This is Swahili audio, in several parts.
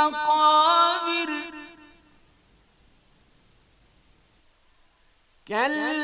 المقابر كلا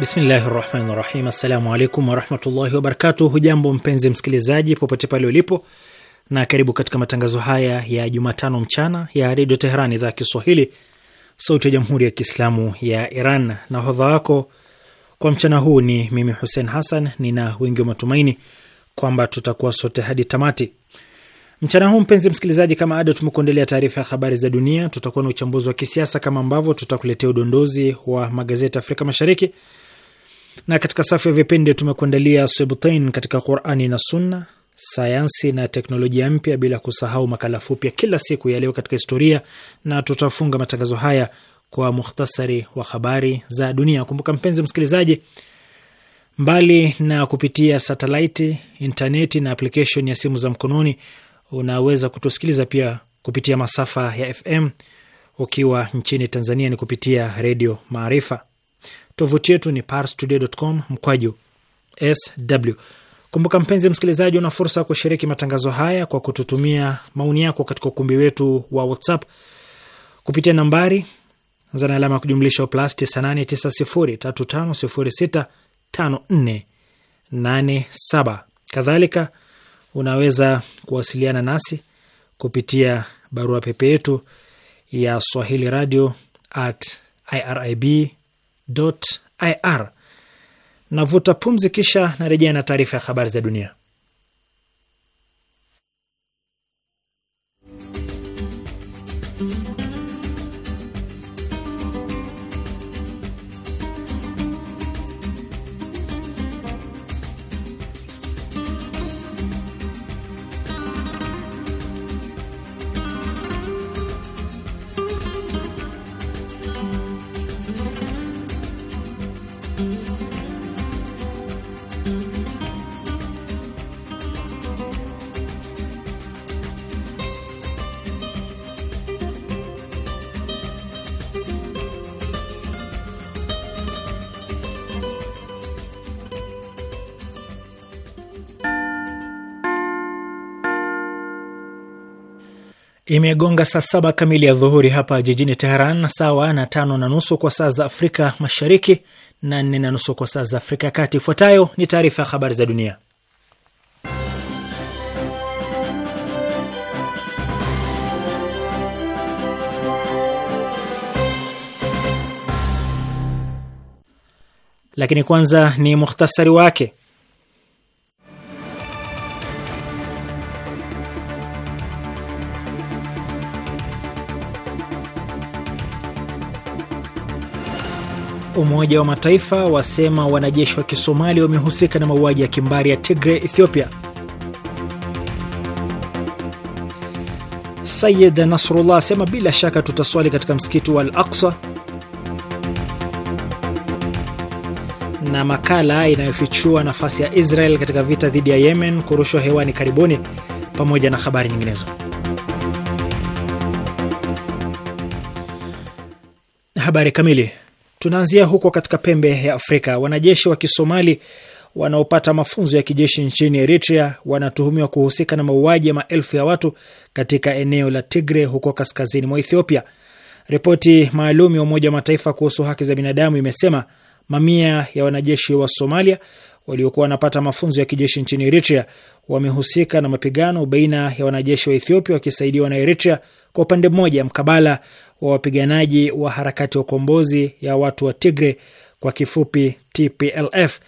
Bismillahi rahmani rahim. Assalamu alaikum warahmatullahi wabarakatuh. Hujambo mpenzi msikilizaji, popote pale ulipo, na karibu katika matangazo haya ya Jumatano mchana ya redio Teheran, idhaa Kiswahili, sauti ya jamhuri ya kiislamu ya Iran. Na hodha wako kwa mchana huu ni mimi Hussein Hassan. Nina wingi wa matumaini kwamba tutakuwa sote hadi tamati mchana huu. Mpenzi msikilizaji, kama ada, tumekuendelea taarifa ya habari za dunia, tutakuwa na uchambuzi wa kisiasa kama ambavyo tutakuletea udondozi wa magazeti Afrika Mashariki na katika safu ya vipindi tumekuandalia Sibtain katika Qurani na Sunna, sayansi na teknolojia mpya, bila kusahau makala fupi ya kila siku ya leo katika historia, na tutafunga matangazo haya kwa mukhtasari wa habari za dunia. Kumbuka mpenzi msikilizaji, mbali na kupitia satelaiti, intaneti na application ya simu za mkononi, unaweza kutusikiliza pia kupitia masafa ya FM. Ukiwa nchini Tanzania ni kupitia Redio Maarifa. Tovuti yetu ni parstoday.com mkwaju sw. Kumbuka mpenzi msikilizaji, una fursa ya kushiriki matangazo haya kwa kututumia maoni yako katika ukumbi wetu wa WhatsApp kupitia nambari za alama ya kujumlisha plus 989035065487. Kadhalika unaweza kuwasiliana nasi kupitia barua pepe yetu ya swahili radio at irib ir. Navuta pumzi, kisha narejea na taarifa ya habari za dunia. Imegonga saa saba kamili ya dhuhuri hapa jijini Teheran, sawa na tano na nusu kwa saa za Afrika Mashariki na nne na nusu kwa saa za Afrika ya Kati. Ifuatayo ni taarifa ya habari za dunia, lakini kwanza ni mukhtasari wake. Umoja wa Mataifa wasema wanajeshi wa Kisomali wamehusika na mauaji ya kimbari ya tigre Ethiopia. Sayid Nasrullah asema bila shaka tutaswali katika msikiti wa al aksa Na makala inayofichua nafasi ya Israel katika vita dhidi ya Yemen kurushwa hewani karibuni, pamoja na habari nyinginezo. Habari kamili Tunaanzia huko katika pembe ya Afrika. Wanajeshi wa Kisomali wanaopata mafunzo ya kijeshi nchini Eritrea wanatuhumiwa kuhusika na mauaji ya maelfu ya watu katika eneo la Tigre huko kaskazini mwa Ethiopia. Ripoti maalum ya Umoja wa Mataifa kuhusu haki za binadamu imesema mamia ya wanajeshi wa Somalia waliokuwa wanapata mafunzo ya kijeshi nchini Eritrea wamehusika na mapigano baina ya wanajeshi wa Ethiopia wakisaidiwa na Eritrea kwa upande mmoja, mkabala wa wapiganaji wa harakati ya ukombozi ya watu wa Tigre kwa kifupi TPLF.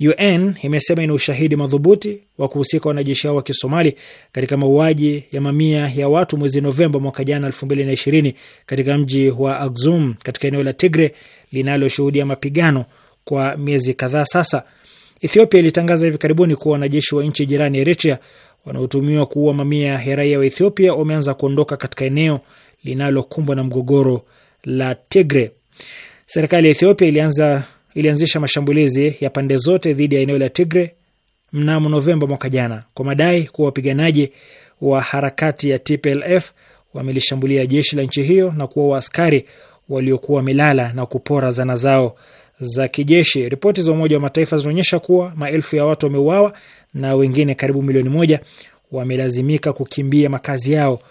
UN imesema ina ushahidi madhubuti wa kuhusika wanajeshi hao wa Kisomali katika mauaji ya mamia ya watu mwezi Novemba mwaka jana 2020 katika mji wa Axum katika eneo la Tigre linaloshuhudia mapigano kwa miezi kadhaa sasa. Ethiopia ilitangaza hivi karibuni kuwa wanajeshi wa nchi jirani Eritrea wanaotumiwa kuua mamia ya raia wa Ethiopia wameanza kuondoka katika eneo linalokumbwa na mgogoro la Tigre. Serikali ya Ethiopia ilianza, ilianzisha mashambulizi ya pande zote dhidi ya eneo la Tigre mnamo Novemba mwaka jana kwa madai kuwa wapiganaji wa harakati ya TPLF wamelishambulia jeshi la nchi hiyo na kuwa waaskari waliokuwa wamelala na kupora zana zao za kijeshi. Ripoti za Umoja wa Mataifa zinaonyesha kuwa maelfu ya watu wameuawa na wengine karibu milioni moja wamelazimika kukimbia makazi yao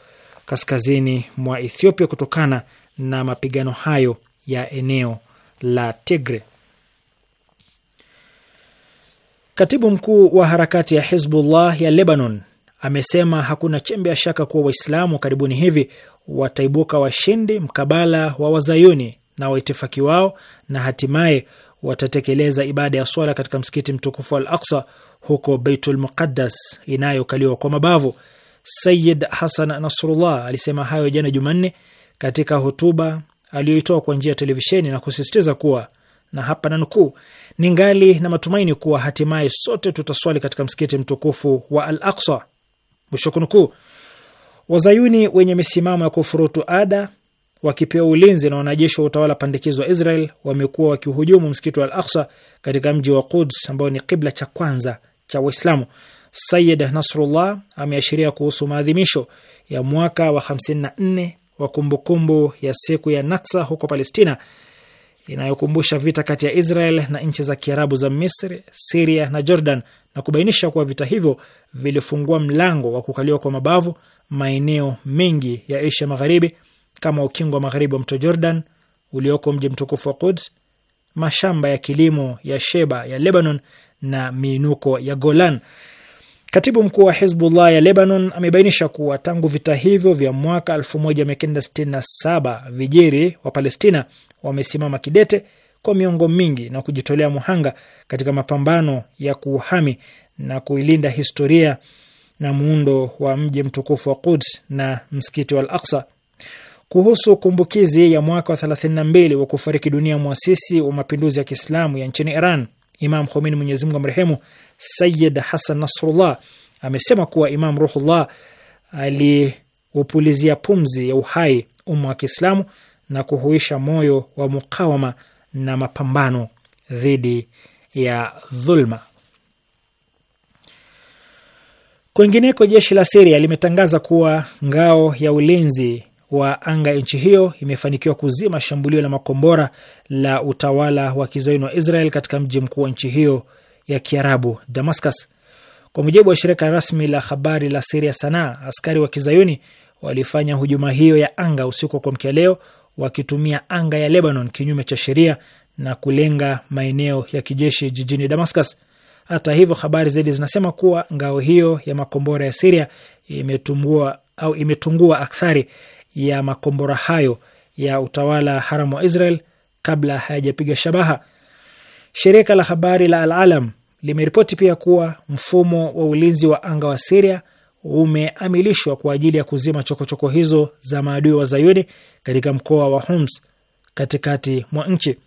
kaskazini mwa Ethiopia kutokana na mapigano hayo ya eneo la Tigre. Katibu mkuu wa harakati ya Hizbullah ya Lebanon amesema hakuna chembe ya shaka kuwa Waislamu karibuni hivi wataibuka washindi mkabala wa Wazayuni na waitifaki wao na hatimaye watatekeleza ibada ya swala katika msikiti mtukufu Al Aksa huko Beitul Muqaddas inayokaliwa kwa mabavu. Sayid Hasan Nasrullah alisema hayo jana Jumanne katika hotuba aliyoitoa kwa njia ya televisheni na kusisitiza kuwa na hapa na nukuu, ngali na matumaini kuwa hatimaye sote tutaswali katika msikiti mtukufu wa Al Aksa, mwisho kunukuu. Wazayuni wenye misimamo ya kufurutu ada wakipewa ulinzi na wanajeshi wa utawala pandikizo wa Israel wamekuwa wakihujumu msikiti wa Al Aksa katika mji wa Quds ambao ni kibla cha kwanza cha Waislamu. Sayid Nasrullah ameashiria kuhusu maadhimisho ya mwaka wa 54 wa kumbukumbu ya siku ya Naksa huko Palestina inayokumbusha vita kati ya Israel na nchi za Kiarabu za Misri, Siria na Jordan na kubainisha kuwa vita hivyo vilifungua mlango wa kukaliwa kwa mabavu maeneo mengi ya Asia Magharibi kama ukingo wa magharibi wa mto Jordan ulioko mji mtukufu wa Quds, mashamba ya kilimo ya Sheba ya Lebanon na miinuko ya Golan. Katibu mkuu wa Hizbullah ya Lebanon amebainisha kuwa tangu vita hivyo vya mwaka 1967 vijeri wa Palestina wamesimama kidete kwa miongo mingi na kujitolea muhanga katika mapambano ya kuuhami na kuilinda historia na muundo wa mji mtukufu wa Quds na msikiti wa Al-Aqsa. Kuhusu kumbukizi ya mwaka wa 32 wa kufariki dunia mwasisi wa mapinduzi ya Kiislamu ya nchini Iran, Imam Khomeini, Mwenyezi Mungu amrehemu, Sayid Hasan Nasrullah amesema kuwa Imam Ruhullah aliupulizia pumzi ya uhai umma wa Kiislamu na kuhuisha moyo wa mukawama na mapambano dhidi ya dhulma. Kwingineko, jeshi la Siria limetangaza kuwa ngao ya ulinzi wa anga ya nchi hiyo imefanikiwa kuzima shambulio la makombora la utawala wa kizayuni wa Israel katika mji mkuu wa nchi hiyo ya Kiarabu, Damascus. Kwa mujibu wa shirika rasmi la habari la Siria Sanaa, askari wa kizayuni walifanya hujuma hiyo ya anga usiku wa kuamkia leo wakitumia anga ya Lebanon kinyume cha sheria na kulenga maeneo ya kijeshi jijini Damascus. Hata hivyo, habari zaidi zinasema kuwa ngao hiyo ya makombora ya Siria imetungua au imetungua akthari ya makombora hayo ya utawala haramu wa Israel kabla hayajapiga shabaha. Shirika la habari la Al-Alam limeripoti pia kuwa mfumo wa ulinzi wa anga wa Siria umeamilishwa kwa ajili ya kuzima chokochoko choko hizo za maadui wa Zayuni katika mkoa wa Homs katikati mwa nchi.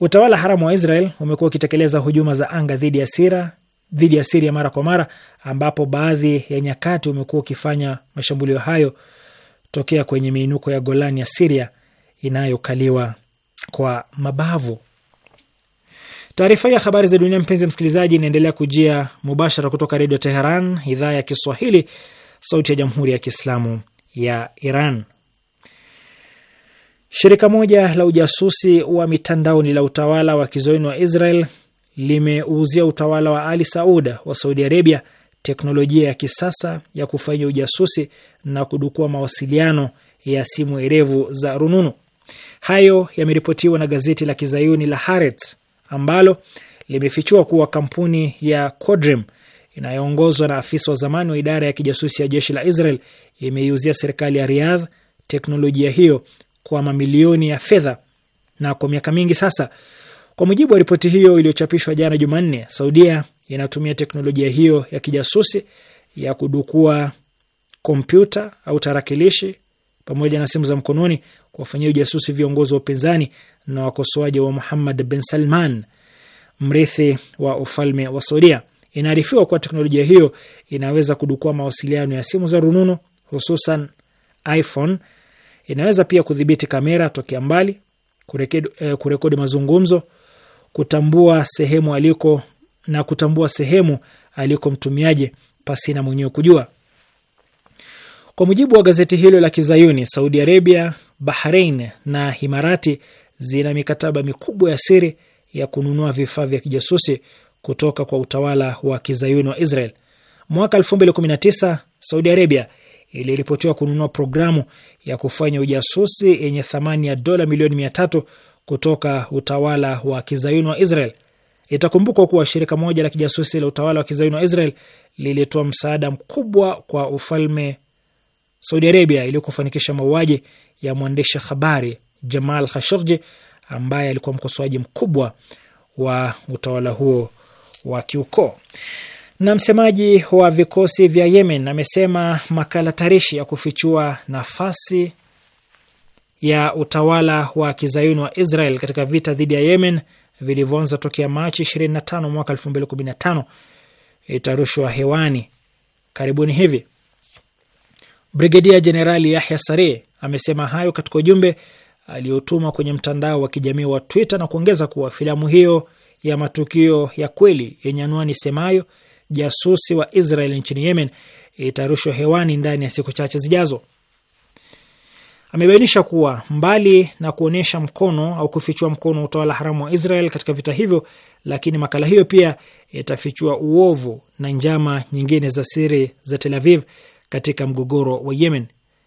Utawala haramu wa Israel umekuwa ukitekeleza hujuma za anga dhidi ya Siria dhidi ya Siria mara kwa mara, ambapo baadhi ya nyakati umekuwa ukifanya mashambulio hayo tokea kwenye miinuko ya Golani ya Siria inayokaliwa kwa mabavu. Taarifa ya habari za dunia, mpenzi msikilizaji, inaendelea kujia mubashara kutoka Redio Teheran, idhaa ya Kiswahili, sauti ya Jamhuri ya Kiislamu ya Iran. Shirika moja la ujasusi wa mitandaoni la utawala wa kizoeni wa Israel limeuzia utawala wa Ali Saud wa Saudi Arabia teknolojia ya kisasa ya kufanya ujasusi na kudukua mawasiliano ya simu erevu za rununu. Hayo yameripotiwa na gazeti la kizayuni la Haaretz ambalo limefichua kuwa kampuni ya Codrim inayoongozwa na afisa wa zamani wa idara ya kijasusi ya jeshi la Israel imeiuzia serikali ya Riyadh teknolojia hiyo kwa mamilioni ya fedha na kwa miaka mingi sasa. Kwa mujibu wa ripoti hiyo iliyochapishwa jana Jumanne, Saudia inatumia teknolojia hiyo ya kijasusi ya kudukua kompyuta au tarakilishi pamoja na simu za mkononi kuwafanyia ujasusi viongozi wa upinzani na wakosoaji wa Muhammad bin Salman, mrithi wa ufalme wa Saudia. Inaarifiwa kuwa teknolojia hiyo inaweza kudukua mawasiliano ya simu za rununu, hususan iPhone. Inaweza pia kudhibiti kamera tokea mbali, kurekodi, eh, kurekodi mazungumzo, kutambua sehemu aliko na kutambua sehemu aliko mtumiaji pasina mwenyewe kujua. Kwa mujibu wa gazeti hilo la Kizayuni, Saudi Arabia, Bahrain na Himarati zina mikataba mikubwa ya siri ya kununua vifaa vya kijasusi kutoka kwa utawala wa Kizayuni wa Israel. Mwaka 2019 Saudi Arabia iliripotiwa kununua programu ya kufanya ujasusi yenye thamani ya dola milioni mia tatu kutoka utawala wa Kizayuni wa Israel. Itakumbukwa kuwa shirika moja la kijasusi la utawala wa Kizayuni wa Israel lilitoa msaada mkubwa kwa ufalme Saudi Arabia iliyokufanikisha mauaji ya mwandishi habari Jamal Khashoggi ambaye alikuwa mkosoaji mkubwa wa utawala huo wa kiukoo. Na msemaji wa vikosi vya Yemen amesema makala tarishi ya kufichua nafasi ya utawala wa kizayuni wa Israel katika vita dhidi ya Yemen vilivyoanza tokea Machi 25 mwaka 2015 itarushwa hewani karibuni hivi. Brigedia Jenerali Yahya sareh amesema hayo katika ujumbe aliotuma kwenye mtandao wa kijamii wa Twitter na kuongeza kuwa filamu hiyo ya matukio ya kweli yenye anwani semayo jasusi wa Israel nchini Yemen itarushwa hewani ndani ya siku chache zijazo. Amebainisha kuwa mbali na kuonyesha mkono au kufichua mkono wa utawala haramu wa Israel katika vita hivyo, lakini makala hiyo pia itafichua uovu na njama nyingine za siri za Tel Aviv katika mgogoro wa Yemen.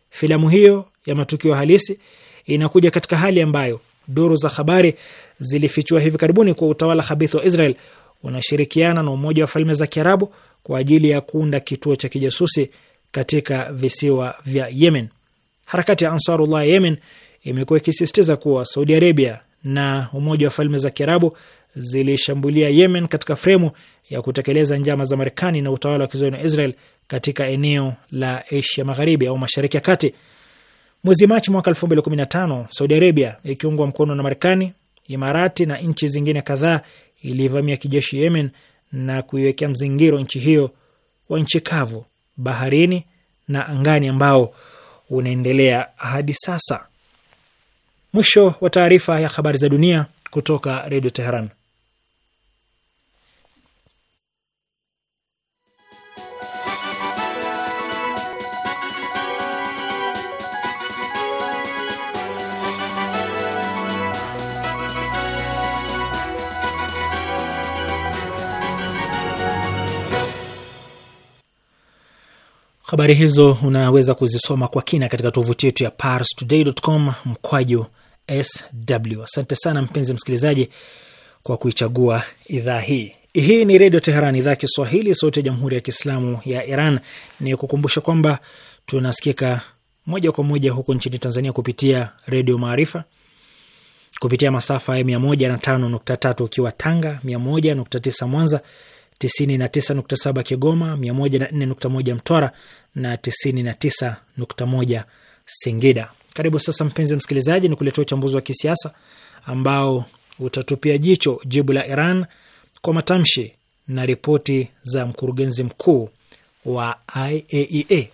Filamu hiyo ya matukio halisi inakuja katika hali ambayo duru za habari zilifichua hivi karibuni kuwa utawala habithi wa Israel unashirikiana na Umoja wa Falme za Kiarabu kwa ajili ya kuunda kituo cha kijasusi katika visiwa vya Yemen. Harakati ya Ansarullah ya Yemen imekuwa ikisisitiza kuwa Saudi Arabia na Umoja wa Falme za Kiarabu zilishambulia Yemen katika fremu ya kutekeleza njama za Marekani na utawala wa kizoni wa Israel katika eneo la Asia Magharibi au Mashariki ya Kati. Mwezi Machi mwaka 2015 Saudi Arabia ikiungwa mkono na Marekani, Imarati na nchi zingine kadhaa ilivamia kijeshi Yemen na kuiwekea mzingiro nchi hiyo wa nchi kavu, baharini na angani ambao unaendelea hadi sasa. Mwisho wa taarifa ya habari za dunia kutoka Redio Teheran. Habari hizo unaweza kuzisoma kwa kina katika tovuti yetu ya parstoday.com mkwaju sw. Asante sana mpenzi msikilizaji kwa kuichagua idhaa hii. Hii ni Redio Teheran, idhaa ya Kiswahili, sauti ya Jamhuri ya Kiislamu ya Iran. Ni kukumbusha kwamba tunasikika moja kwa moja huko nchini Tanzania kupitia Redio Maarifa kupitia masafa ya 153 ukiwa Tanga, 19 Mwanza, 99.7 Kigoma, 141 Mtwara na 99.1 Singida. Karibu sasa, mpenzi msikilizaji, ni kuletea uchambuzi wa kisiasa ambao utatupia jicho jibu la Iran kwa matamshi na ripoti za mkurugenzi mkuu wa IAEA. E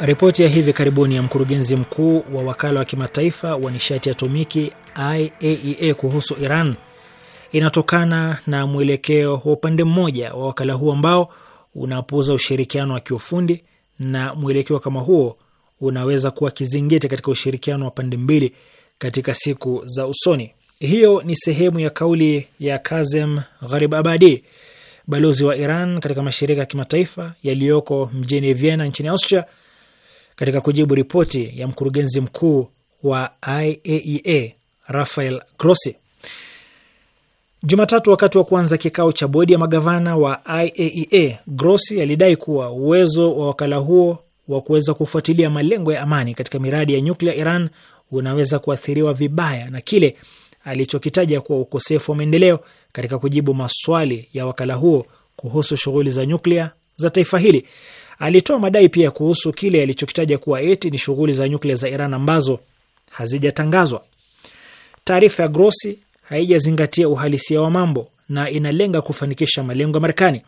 Ripoti ya hivi karibuni ya mkurugenzi mkuu wa wakala wa kimataifa wa nishati atomiki IAEA e kuhusu Iran inatokana na mwelekeo wa upande mmoja wa wakala huu ambao unapuuza ushirikiano wa kiufundi, na mwelekeo kama huo unaweza kuwa kizingiti katika ushirikiano wa pande mbili katika siku za usoni. Hiyo ni sehemu ya kauli ya Kazem Gharib Abadi, balozi wa Iran katika mashirika ya kimataifa yaliyoko mjini Vienna nchini Austria katika kujibu ripoti ya mkurugenzi mkuu wa IAEA e Rafael Grossi Jumatatu, wakati wa kuanza kikao cha bodi ya magavana wa IAEA, e Grossi alidai kuwa uwezo wa wakala huo wa kuweza kufuatilia malengo ya amani katika miradi ya nyuklia Iran unaweza kuathiriwa vibaya na kile alichokitaja kuwa ukosefu wa maendeleo katika kujibu maswali ya wakala huo kuhusu shughuli za nyuklia za taifa hili. Alitoa madai pia kuhusu kile alichokitaja kuwa eti ni shughuli za nyuklia za Iran ambazo hazijatangazwa. Taarifa ya Grossi haijazingatia uhalisia wa mambo na inalenga kufanikisha malengo ya Marekani.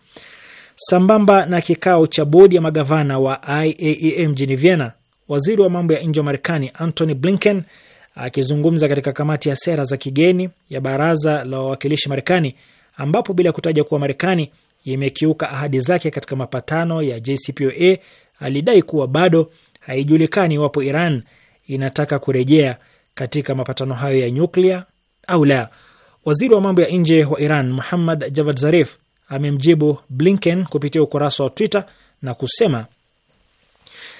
Sambamba na kikao cha bodi ya magavana wa IAEA e mjini Vienna, waziri wa mambo ya nje wa Marekani Antony Blinken akizungumza katika kamati ya sera za kigeni ya baraza la wawakilishi Marekani, ambapo bila kutaja kuwa Marekani imekiuka ahadi zake katika mapatano ya JCPOA, alidai kuwa bado haijulikani iwapo Iran inataka kurejea katika mapatano hayo ya nyuklia au la. Waziri wa mambo ya nje wa Iran Muhammad Javad Zarif amemjibu Blinken kupitia ukurasa wa Twitter na kusema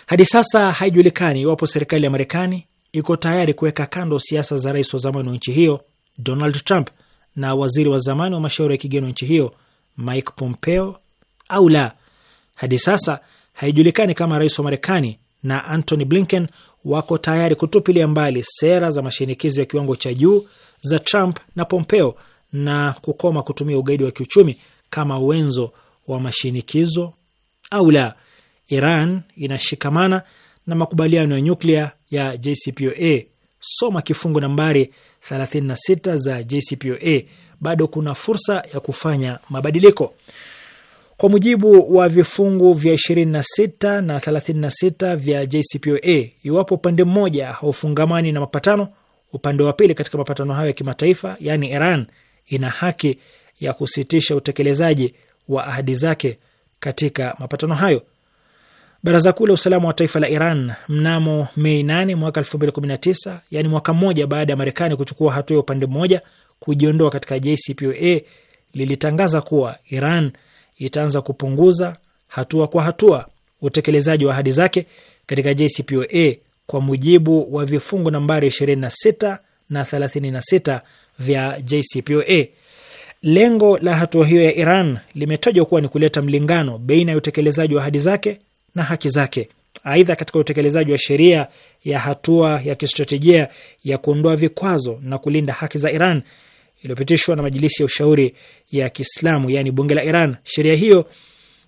hadi sasa haijulikani iwapo serikali ya Marekani iko tayari kuweka kando siasa za rais wa zamani wa nchi hiyo Donald Trump na waziri wa zamani wa mashauri ya kigeni wa nchi hiyo Mike Pompeo au la. Hadi sasa haijulikani kama rais wa Marekani na Antony Blinken wako tayari kutupilia mbali sera za mashinikizo ya kiwango cha juu za Trump na Pompeo na kukoma kutumia ugaidi wa kiuchumi kama wenzo wa mashinikizo au la. Iran inashikamana na makubaliano ya nyuklia ya JCPOA. Soma kifungu nambari 36 za JCPOA bado kuna fursa ya kufanya mabadiliko. Kwa mujibu wa vifungu vya 26 na 36 vya JCPOA, iwapo upande mmoja haufungamani na mapatano, upande wa pili katika mapatano hayo ya kimataifa, yaani Iran ina haki ya kusitisha utekelezaji wa ahadi zake katika mapatano hayo. Baraza Kuu la Usalama wa Taifa la Iran mnamo Mei 8 mwaka 2019, yaani mwaka mmoja baada ya Marekani kuchukua hatua ya upande mmoja kujiondoa katika JCPOA lilitangaza kuwa Iran itaanza kupunguza hatua kwa hatua utekelezaji wa ahadi zake katika JCPOA kwa mujibu wa vifungu nambari 26 na 36 vya JCPOA. Lengo la hatua hiyo ya Iran limetajwa kuwa ni kuleta mlingano baina ya utekelezaji wa ahadi zake na haki zake. Aidha, katika utekelezaji wa sheria ya hatua ya kistratejia ya kuondoa vikwazo na kulinda haki za Iran, iliyopitishwa na Majilisi ya Ushauri ya Kiislamu, yani bunge la Iran. Sheria hiyo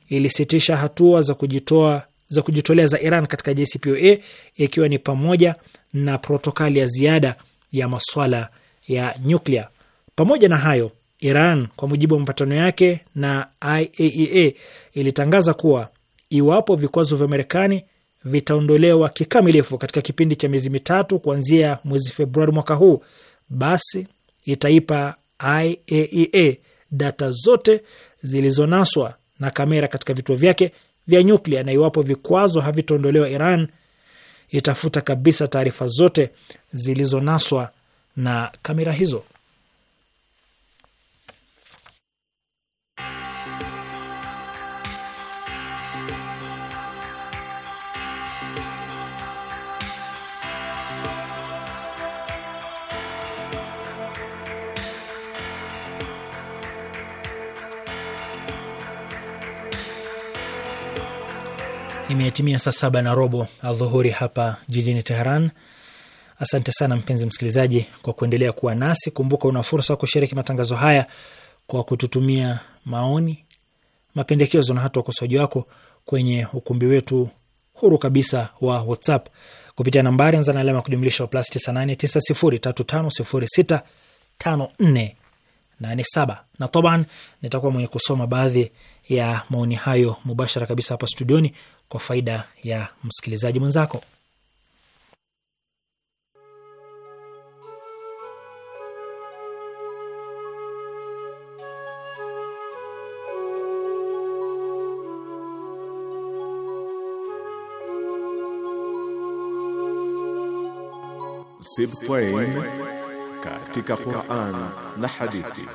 ilisitisha hatua za kujitoa za kujitolea za Iran katika JCPOA ikiwa ni pamoja na protokali ya ziada ya maswala ya nyuklia. Pamoja na hayo, Iran kwa mujibu wa mapatano yake na IAEA e ilitangaza kuwa iwapo vikwazo vya Marekani vitaondolewa kikamilifu katika kipindi cha miezi mitatu kuanzia mwezi Februari mwaka huu, basi itaipa IAEA e data zote zilizonaswa na kamera katika vituo vyake vya nyuklia, na iwapo vikwazo havitaondolewa, Iran itafuta kabisa taarifa zote zilizonaswa na kamera hizo. Imetimia saa saba na robo adhuhuri hapa jijini Teheran. Asante sana mpenzi msikilizaji kwa kuendelea kuwa nasi. Kumbuka una fursa kushiriki matangazo haya kwa kututumia maoni, mapendekezo na hata ukosoaji wako kwenye ukumbi wetu huru kabisa wa WhatsApp kupitia nambari anza na alama ya kujumlisha plus 989035065487 na nitakuwa mwenye kusoma baadhi ya maoni hayo mubashara kabisa hapa studioni kwa faida ya msikilizaji mwenzako. Sibtain katika Qur'an na hadithi.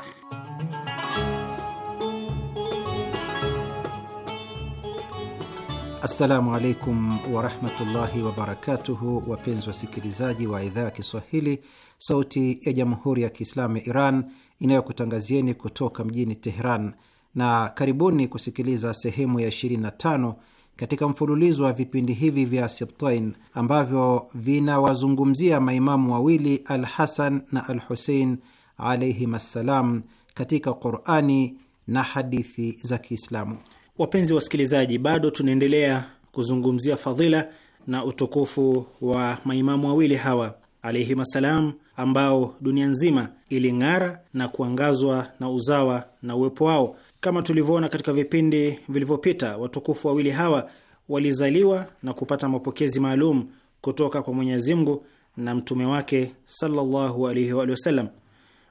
Assalamu alaikum warahmatullahi wabarakatuhu, wapenzi wasikilizaji wa idhaa ya Kiswahili, Sauti ya Jamhuri ya Kiislamu ya Iran inayokutangazieni kutoka mjini Teheran, na karibuni kusikiliza sehemu ya 25 katika mfululizo wa vipindi hivi vya Sibtain ambavyo vinawazungumzia maimamu wawili Al Hasan na Al Husein alaihim assalam katika Qurani na hadithi za Kiislamu. Wapenzi wasikilizaji, bado tunaendelea kuzungumzia fadhila na utukufu wa maimamu wawili hawa alaihim assalam, ambao dunia nzima iling'ara na kuangazwa na uzawa na uwepo wao. Kama tulivyoona katika vipindi vilivyopita, watukufu wawili hawa walizaliwa na kupata mapokezi maalum kutoka kwa Mwenyezi Mungu na mtume wake sallallahu alaihi wa sallam.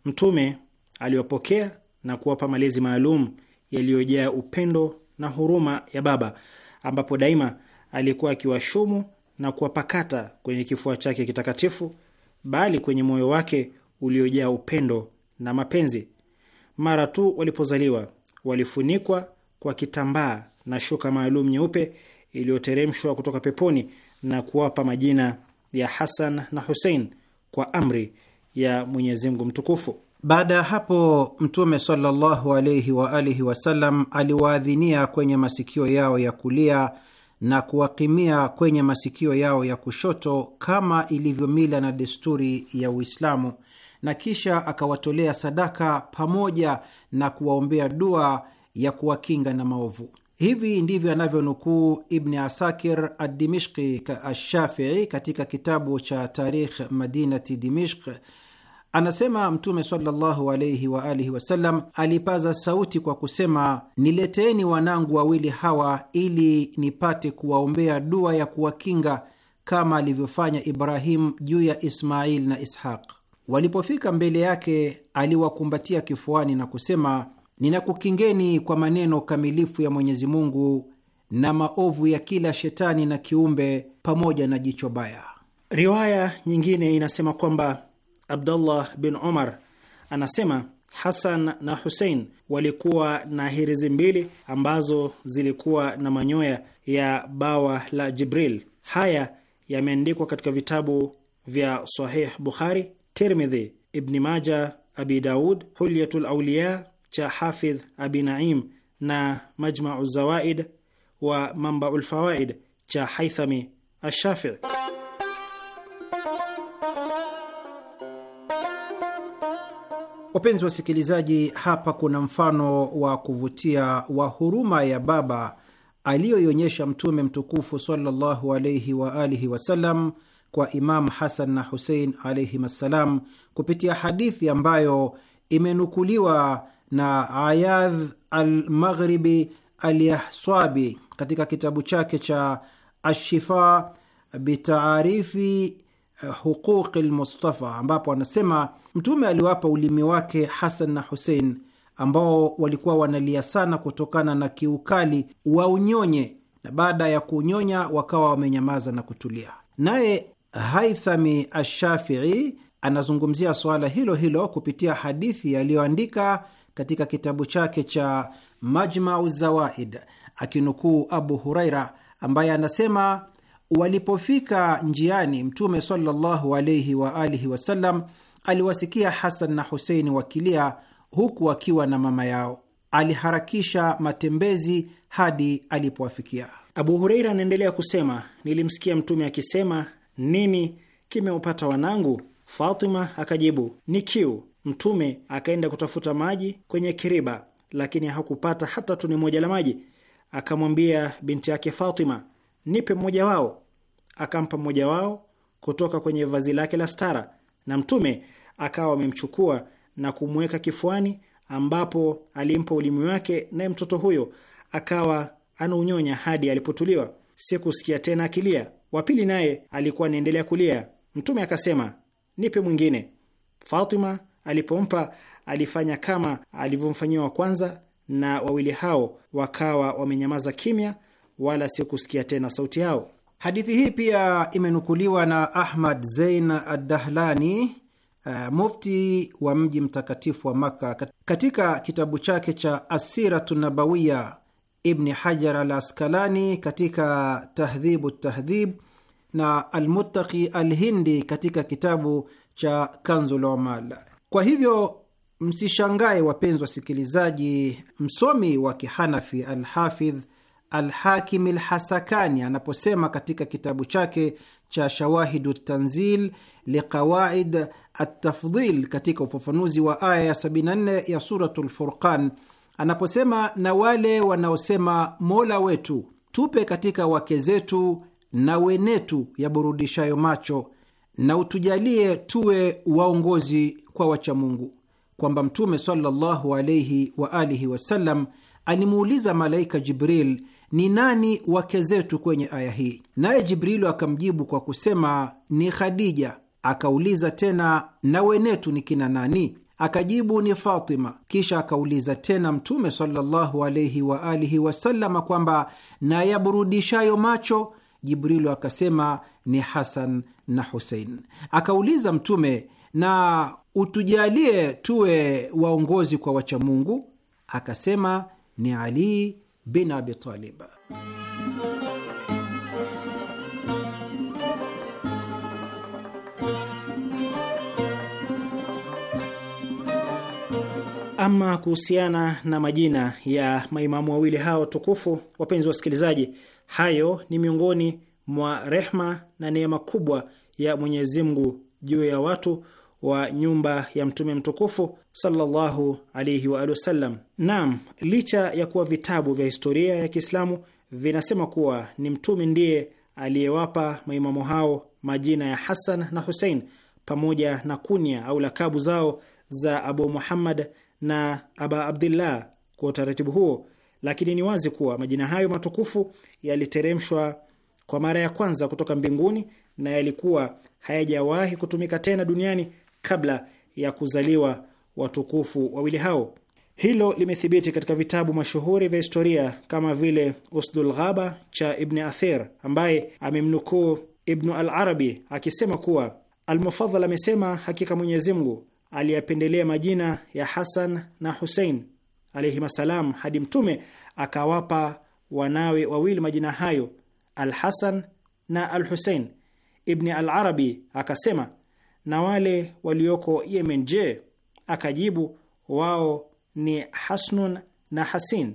Mtume aliwapokea na kuwapa malezi maalum yaliyojaa upendo na huruma ya baba, ambapo daima alikuwa akiwashumu na kuwapakata kwenye kifua chake kitakatifu, bali kwenye moyo wake uliojaa upendo na mapenzi. Mara tu walipozaliwa walifunikwa kwa kitambaa na shuka maalum nyeupe iliyoteremshwa kutoka peponi na kuwapa majina ya Hasan na Husein kwa amri ya Mwenyezi Mungu mtukufu. Baada ya hapo Mtume sallallahu wasallam aliwaadhinia kwenye masikio yao ya kulia na kuwakimia kwenye masikio yao ya kushoto kama ilivyo mila na desturi ya Uislamu, na kisha akawatolea sadaka pamoja na kuwaombea dua ya kuwakinga na maovu. Hivi ndivyo anavyonukuu Ibni Asakir Adimishki Ashafii katika kitabu cha Tarikh Madinati Dimishk Anasema Mtume sallallahu wa alihi wasallam alipaza sauti kwa kusema, nileteeni wanangu wawili hawa ili nipate kuwaombea dua ya kuwakinga kama alivyofanya Ibrahimu juu ya Ismail na Ishaq. Walipofika mbele yake, aliwakumbatia kifuani na kusema, ninakukingeni kwa maneno kamilifu ya Mwenyezi Mungu na maovu ya kila shetani na kiumbe pamoja na jicho baya. Riwaya nyingine inasema kwamba Abdullah bin Omar anasema Hasan na Husein walikuwa na hirizi mbili ambazo zilikuwa na manyoya ya bawa la Jibril. Haya yameandikwa katika vitabu vya Sahih Bukhari, Tirmidhi, Ibni Maja, Abi Daud, Hulyatul Auliya cha Hafidh Abi Naim na Majmau Zawaid wa Mambaul Fawaid cha Haithami Ashafii. Wapenzi wasikilizaji, hapa kuna mfano wa kuvutia wa huruma ya baba aliyoionyesha Mtume mtukufu sallallahu alaihi wa alihi wasallam kwa Imamu Hasan na Husein alaihim assalam kupitia hadithi ambayo imenukuliwa na Ayadh Almaghribi Alyahswabi katika kitabu chake cha Ashifa bitaarifi Eh, huquqi lmustafa, ambapo anasema Mtume aliwapa ulimi wake Hasan na Husein ambao walikuwa wanalia sana kutokana na kiukali wa unyonye, na baada ya kunyonya wakawa wamenyamaza na kutulia. Naye Haithami Ashafii anazungumzia suala hilo hilo kupitia hadithi aliyoandika katika kitabu chake cha Majmau Zawaid akinukuu Abu Huraira ambaye anasema Walipofika njiani, Mtume sallallahu alaihi wa alihi wasallam aliwasikia Hasan na Huseini wakilia huku akiwa na mama yao. Aliharakisha matembezi hadi alipowafikia. Abu Hureira anaendelea kusema, nilimsikia Mtume akisema, nini kimeupata wanangu? Fatima akajibu, ni kiu. Mtume akaenda kutafuta maji kwenye kiriba, lakini hakupata hata tuni moja la maji. Akamwambia binti yake Fatima, nipe mmoja wao. Akampa mmoja wao kutoka kwenye vazi lake la stara, na Mtume akawa amemchukua na kumweka kifuani, ambapo alimpa ulimi wake, naye mtoto huyo akawa anaunyonya hadi alipotuliwa. Sikusikia tena akilia. Wa pili naye alikuwa anaendelea kulia. Mtume akasema, nipe mwingine. Fatima alipompa alifanya kama alivyomfanyia wa kwanza, na wawili hao wakawa wamenyamaza kimya wala sikusikia tena sauti yao. Hadithi hii pia imenukuliwa na Ahmad Zein adahlani uh, eh, mufti wa mji mtakatifu wa Makka, katika kitabu chake cha Asiratu Nabawiya, Ibni Hajar al Askalani katika Tahdhibu Tahdhib na Almuttaqi Alhindi katika kitabu cha Kanzul Kwa hivyo msishangae, wapenzi wasikilizaji, msomi wa Kihanafi Alhafidh Alhakim lhasakani anaposema katika kitabu chake cha Shawahidu Tanzil Liqawaid atafdil katika ufafanuzi wa aya ya 74 ya Suratu Lfurqan anaposema, na wale wanaosema mola wetu tupe katika wake zetu na wenetu ya burudishayo macho na utujalie tuwe waongozi kwa wachamungu, kwamba Mtume sallallahu alaihi wasallam alimuuliza malaika Jibril ni nani wake zetu kwenye aya hii? Naye Jibrilu akamjibu kwa kusema ni Khadija. Akauliza tena na wenetu ni kina nani? Akajibu ni Fatima. Kisha akauliza tena Mtume sallallahu alaihi wasallama kwamba na yaburudishayo macho Jibrilu akasema ni Hasan na Husein. Akauliza Mtume, na utujalie tuwe waongozi kwa wachamungu? Akasema ni alii bin Abi Talib. Ama kuhusiana na majina ya maimamu wawili hao tukufu, wapenzi wasikilizaji, hayo ni miongoni mwa rehma na neema kubwa ya Mwenyezi Mungu juu ya watu wa nyumba ya mtume mtukufu sallallahu alaihi wa wasallam. Naam, licha ya kuwa vitabu vya historia ya Kiislamu vinasema kuwa ni mtume ndiye aliyewapa maimamu hao majina ya hasan na husein pamoja na kunya au lakabu zao za Abu Muhammad na Aba Abdillah kwa utaratibu huo, lakini ni wazi kuwa majina hayo matukufu yaliteremshwa kwa mara ya kwanza kutoka mbinguni na yalikuwa hayajawahi kutumika tena duniani kabla ya kuzaliwa watukufu wawili hao. Hilo limethibiti katika vitabu mashuhuri vya historia kama vile Usdul Ghaba cha Ibni Athir, ambaye amemnukuu Ibnu al Arabi akisema kuwa Almufadhal amesema, hakika Mwenyezi Mungu aliyapendelea majina ya Hasan na Husein assalam hadi Mtume akawapa wanawe wawili majina hayo, al Hasan na al Husein. Ibni al Arabi akasema na wale walioko Yemen je? Akajibu, wao ni Hasnun na Hasin.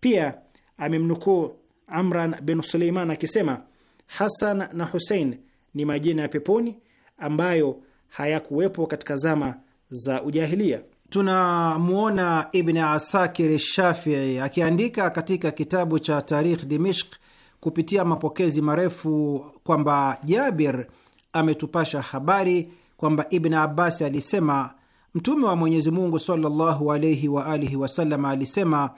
Pia amemnukuu Amran bin Suleiman akisema Hasan na Husein ni majina ya peponi ambayo hayakuwepo katika zama za ujahilia. Tunamwona Ibn Asakir Shafii akiandika katika kitabu cha Tarikh Dimishk kupitia mapokezi marefu kwamba Jabir ametupasha habari kwamba Ibn Abbas alisema Mtume wa Mwenyezi Mungu sallallahu alayhi wa alihi wasallam alisema,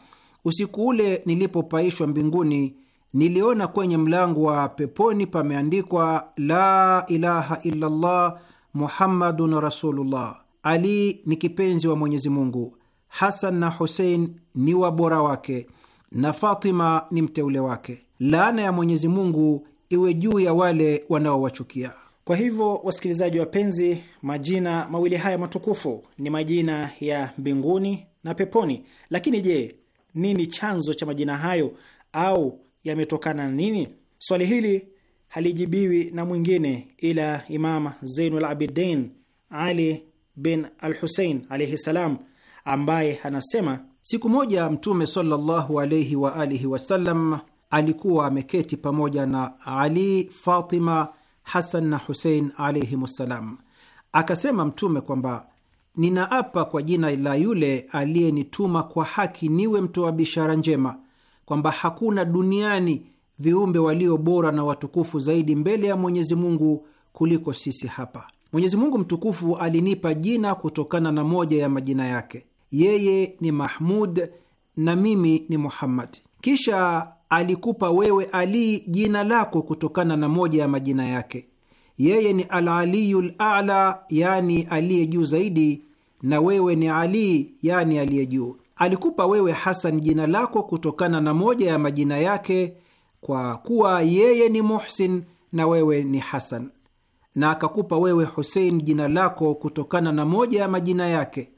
usiku ule nilipopaishwa mbinguni niliona kwenye mlango wa peponi pameandikwa la ilaha illallah muhammadun rasulullah. Ali ni kipenzi wa Mwenyezi Mungu, Hasan na Husein ni wabora wake, na Fatima ni mteule wake. Laana ya Mwenyezi Mungu iwe juu ya wale wanaowachukia. Kwa hivyo, wasikilizaji wapenzi, majina mawili haya matukufu ni majina ya mbinguni na peponi. Lakini je, nini chanzo cha majina hayo au yametokana na nini? Swali hili halijibiwi na mwingine ila Imam Zainul Abidin Ali bin al Husein alaihi ssalam ambaye anasema siku moja Mtume sallallahu alaihi wa alihi wasallam alikuwa ameketi pamoja na Ali, Fatima Hasan na Husein alaihim ssalam. Akasema Mtume kwamba ninaapa kwa jina la yule aliyenituma kwa haki niwe mtoa bishara njema kwamba hakuna duniani viumbe walio bora na watukufu zaidi mbele ya Mwenyezi Mungu kuliko sisi hapa. Mwenyezi Mungu mtukufu alinipa jina kutokana na moja ya majina yake, yeye ni Mahmud na mimi ni Muhammad. Kisha alikupa wewe Ali jina lako kutokana na moja ya majina yake. Yeye ni Alaliyu Ala, yani aliye juu zaidi, na wewe ni Ali, yani aliye juu. Alikupa wewe Hasan jina lako kutokana na moja ya majina yake, kwa kuwa yeye ni Muhsin na wewe ni Hasan, na akakupa wewe Husein jina lako kutokana na moja ya majina yake,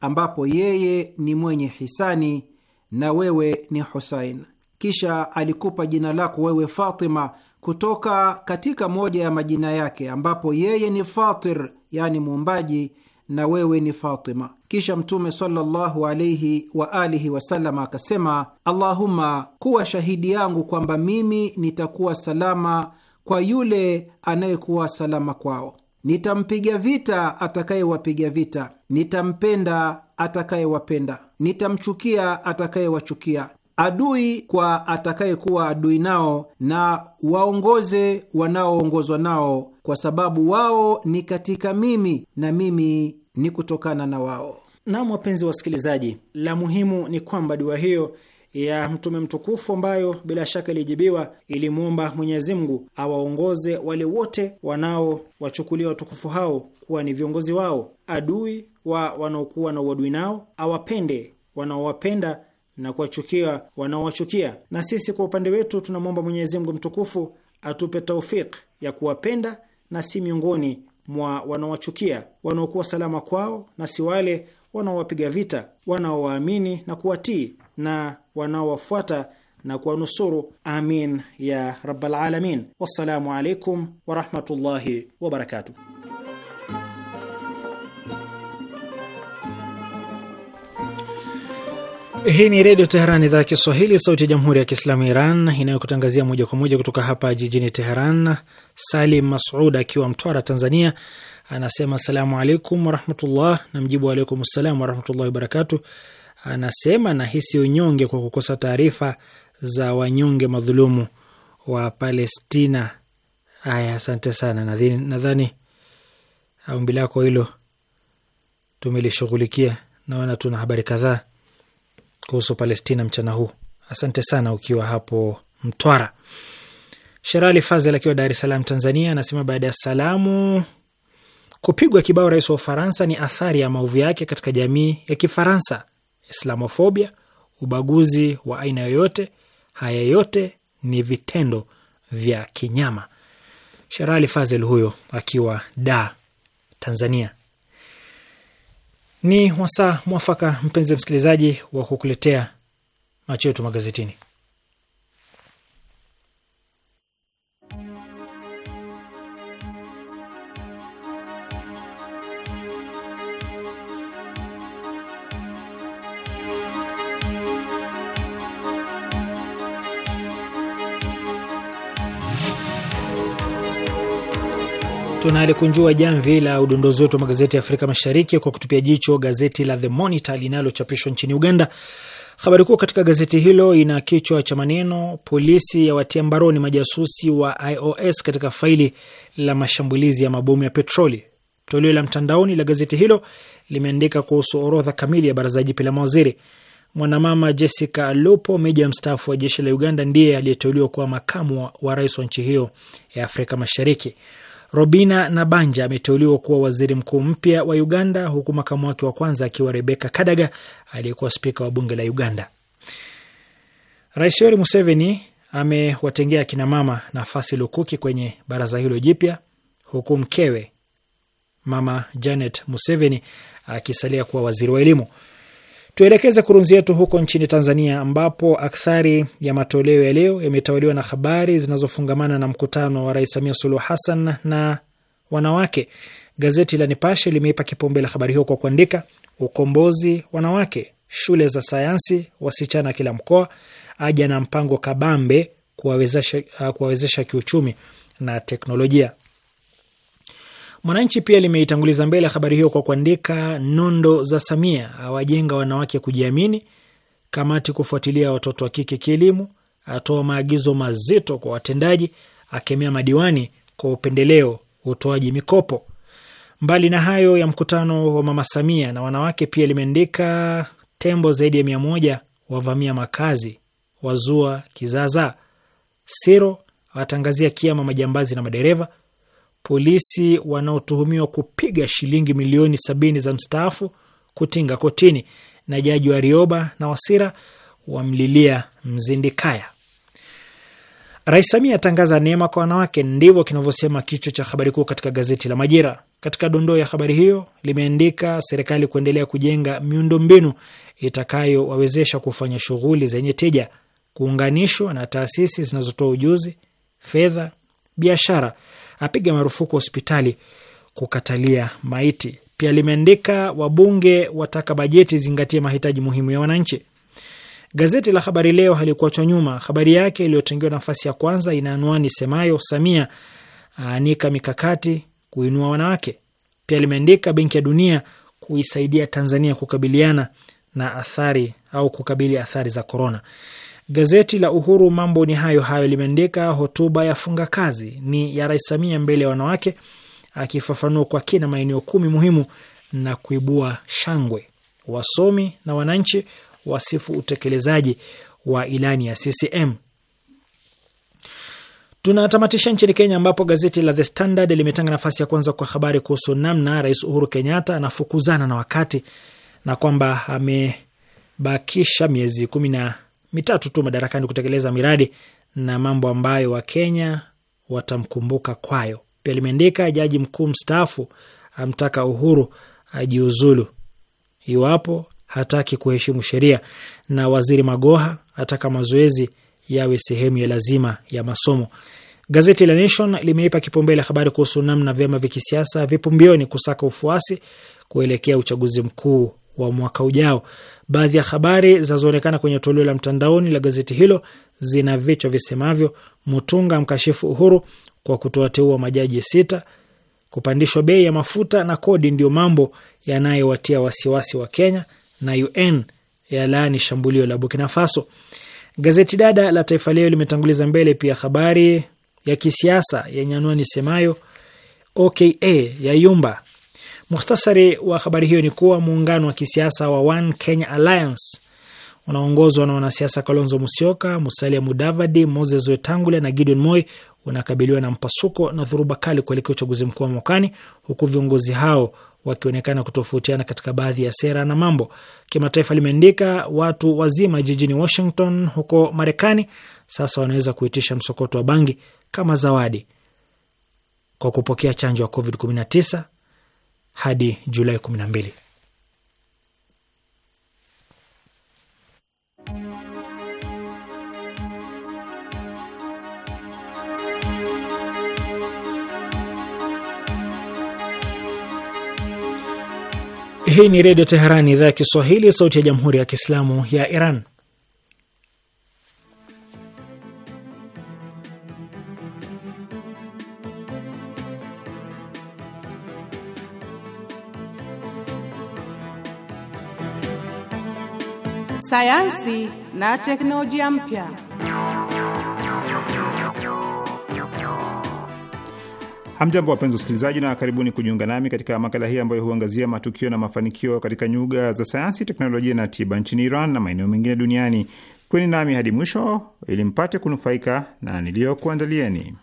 ambapo yeye ni mwenye hisani na wewe ni Husain kisha alikupa jina lako wewe Fatima kutoka katika moja ya majina yake, ambapo yeye ni Fatir, yani muumbaji, na wewe ni Fatima. Kisha Mtume sallallahu alaihi wa alihi wasallam akasema, Allahumma, kuwa shahidi yangu kwamba mimi nitakuwa salama kwa yule anayekuwa salama kwao, nitampiga vita atakayewapiga vita, nitampenda atakayewapenda, nitamchukia atakayewachukia adui kwa atakayekuwa adui nao na waongoze wanaoongozwa nao, kwa sababu wao ni katika mimi na mimi ni kutokana na wao. Naam, wapenzi wasikilizaji, la muhimu ni kwamba dua hiyo ya Mtume mtukufu ambayo bila shaka ilijibiwa, ilimwomba Mwenyezi Mungu awaongoze wale wote wanaowachukulia watukufu hao kuwa ni viongozi wao, adui wa wanaokuwa na uadui nao, awapende wanaowapenda na kuwachukia wanaowachukia. Na sisi kwa upande wetu tunamwomba Mwenyezi Mungu mtukufu atupe taufik ya kuwapenda na si miongoni mwa wanaowachukia, wanaokuwa salama kwao na si wale wanaowapiga vita, wanaowaamini na kuwatii na wanaowafuata na kuwanusuru. Amin ya rabbal alamin. Wassalamu alaikum warahmatullahi wabarakatuh. Hii ni Redio Teheran, idhaa ya Kiswahili, sauti ya Jamhuri ya Kiislamu Iran, inayokutangazia moja kwa moja kutoka hapa jijini Teheran. Salim Masud akiwa Mtwara, Tanzania, anasema asalamu alaikum warahmatullah, na mjibu alaikum salam warahmatullahi wabarakatu. Anasema nahisi unyonge kwa kukosa taarifa za wanyonge madhulumu wa Palestina. Aya, asante sana. Nadhani ombi lako hilo tumelishughulikia, naona tuna habari kadhaa kuhusu Palestina mchana huu. Asante sana ukiwa hapo Mtwara. Sherali Fazel akiwa Dar es Salaam, Tanzania, anasema baada ya salamu, kupigwa kibao rais wa Ufaransa ni athari ya maovu yake katika jamii ya Kifaransa, islamofobia, ubaguzi wa aina yoyote. Haya yote ni vitendo vya kinyama. Sherali Fazel huyo akiwa Da, Tanzania. Ni wasaa mwafaka, mpenzi msikilizaji, wa kukuletea macho yetu magazetini. Tunalikunjua jamvi la udondozi wetu wa magazeti ya Afrika Mashariki kwa kutupia jicho gazeti la The Monitor linalochapishwa nchini Uganda. Habari kuu katika gazeti hilo ina kichwa cha maneno polisi ya watia mbaroni majasusi wa IOS katika faili la mashambulizi ya mabomu ya petroli. Toleo la mtandaoni la gazeti hilo limeandika kuhusu orodha kamili ya baraza jipya la mawaziri. Mwanamama Jessica Alupo, meja mstaafu wa jeshi la Uganda, ndiye aliyeteuliwa kuwa makamu wa rais wa nchi hiyo ya Afrika Mashariki. Robina Nabanja ameteuliwa kuwa waziri mkuu mpya wa Uganda, huku makamu wake wa kwanza akiwa Rebeka Kadaga aliyekuwa spika wa bunge la Uganda. Rais Yoweri Museveni amewatengea akinamama nafasi lukuki kwenye baraza hilo jipya, huku mkewe Mama Janet Museveni akisalia kuwa waziri wa elimu. Tuelekeze kurunzi yetu huko nchini Tanzania, ambapo akthari ya matoleo ya leo yametawaliwa na habari zinazofungamana na mkutano wa Rais Samia Suluhu Hassan na wanawake. Gazeti la Nipashe limeipa kipaumbele habari hiyo kwa kuandika ukombozi wanawake, shule za sayansi, wasichana kila mkoa, aja na mpango kabambe kuwawezesha, kuwawezesha kiuchumi na teknolojia. Mwananchi pia limeitanguliza mbele habari hiyo kwa kuandika nondo za Samia awajenga wanawake kujiamini, kamati kufuatilia watoto wa kike kielimu, atoa maagizo mazito kwa watendaji, akemea madiwani kwa upendeleo utoaji mikopo. Mbali na hayo ya mkutano wa mama Samia na wanawake, pia limeandika tembo zaidi ya mia moja wavamia makazi wazua kizaazaa, Siro awatangazia kiama majambazi na madereva polisi wanaotuhumiwa kupiga shilingi milioni sabini za mstaafu kutinga kotini, na jaji wa Rioba na Wasira wamlilia Mzindikaya. Rais Samia atangaza neema kwa wanawake, ndivyo kinavyosema kichwa cha habari kuu katika gazeti la Majira. Katika dondoo ya habari hiyo limeandika serikali kuendelea kujenga miundombinu itakayowawezesha kufanya shughuli zenye tija, kuunganishwa na taasisi zinazotoa ujuzi, fedha, biashara apiga marufuku hospitali kukatalia maiti. Pia limeandika wabunge wataka bajeti zingatie mahitaji muhimu ya wananchi. Gazeti la Habari Leo halikuachwa nyuma. Habari yake iliyotengewa nafasi ya kwanza ina anwani semayo, Samia aanika mikakati kuinua wanawake. Pia limeandika Benki ya Dunia kuisaidia Tanzania kukabiliana na athari au kukabili athari za korona. Gazeti la Uhuru mambo ni hayo hayo limeandika hotuba ya funga kazi ni ya Rais Samia mbele ya wanawake, akifafanua kwa kina maeneo kumi muhimu na kuibua shangwe. Wasomi na wananchi wasifu utekelezaji wa ilani ya CCM. Tunatamatisha nchini Kenya, ambapo gazeti la The Standard limetanga nafasi ya kwanza kwa habari kuhusu namna Rais Uhuru Kenyatta anafukuzana na wakati na kwamba amebakisha miezi kumi na mitatu tu madarakani kutekeleza miradi na mambo ambayo Wakenya watamkumbuka kwayo. Pia limeandika jaji mkuu mstaafu amtaka Uhuru ajiuzulu iwapo hataki kuheshimu sheria, na waziri Magoha ataka mazoezi yawe sehemu ya lazima ya masomo. Gazeti la Nation limeipa kipaumbele habari kuhusu namna vyama vya kisiasa vipo mbioni kusaka ufuasi kuelekea uchaguzi mkuu wa mwaka ujao. Baadhi ya habari zinazoonekana kwenye toleo la mtandaoni la gazeti hilo zina vichwa visemavyo: Mutunga mkashifu Uhuru kwa kutoateua majaji sita, kupandishwa bei ya mafuta na kodi ndiyo mambo yanayowatia wasiwasi wa Kenya, na UN yalaani shambulio la Burkina Faso. Gazeti dada la Taifa Leo limetanguliza mbele pia habari ya kisiasa yenye anwani semayo OKA ya yumba Muhtasari wa habari hiyo ni kuwa muungano wa kisiasa wa One Kenya Alliance unaongozwa na wanasiasa Kalonzo Musyoka, Musalia Mudavadi, Moses Wetangula na Gideon Moi unakabiliwa na mpasuko na dhuruba kali kuelekea uchaguzi mkuu wa mwakani, huku viongozi hao wakionekana kutofautiana katika baadhi ya sera na mambo. Kimataifa limeandika watu wazima jijini Washington huko Marekani sasa wanaweza kuitisha msokoto wa bangi kama zawadi kwa kupokea chanjo ya COVID-19 hadi Julai 12. Hii ni Redio Teherani, idhaa ya Kiswahili, sauti ya Jamhuri ya Kiislamu ya Iran. sayansi na teknolojia mpya. Hamjambo, wapenzi wasikilizaji, na karibuni kujiunga nami katika makala hii ambayo huangazia matukio na mafanikio katika nyuga za sayansi, teknolojia na tiba nchini Iran na maeneo mengine duniani. Kweni nami hadi mwisho ili mpate kunufaika na niliyokuandalieni.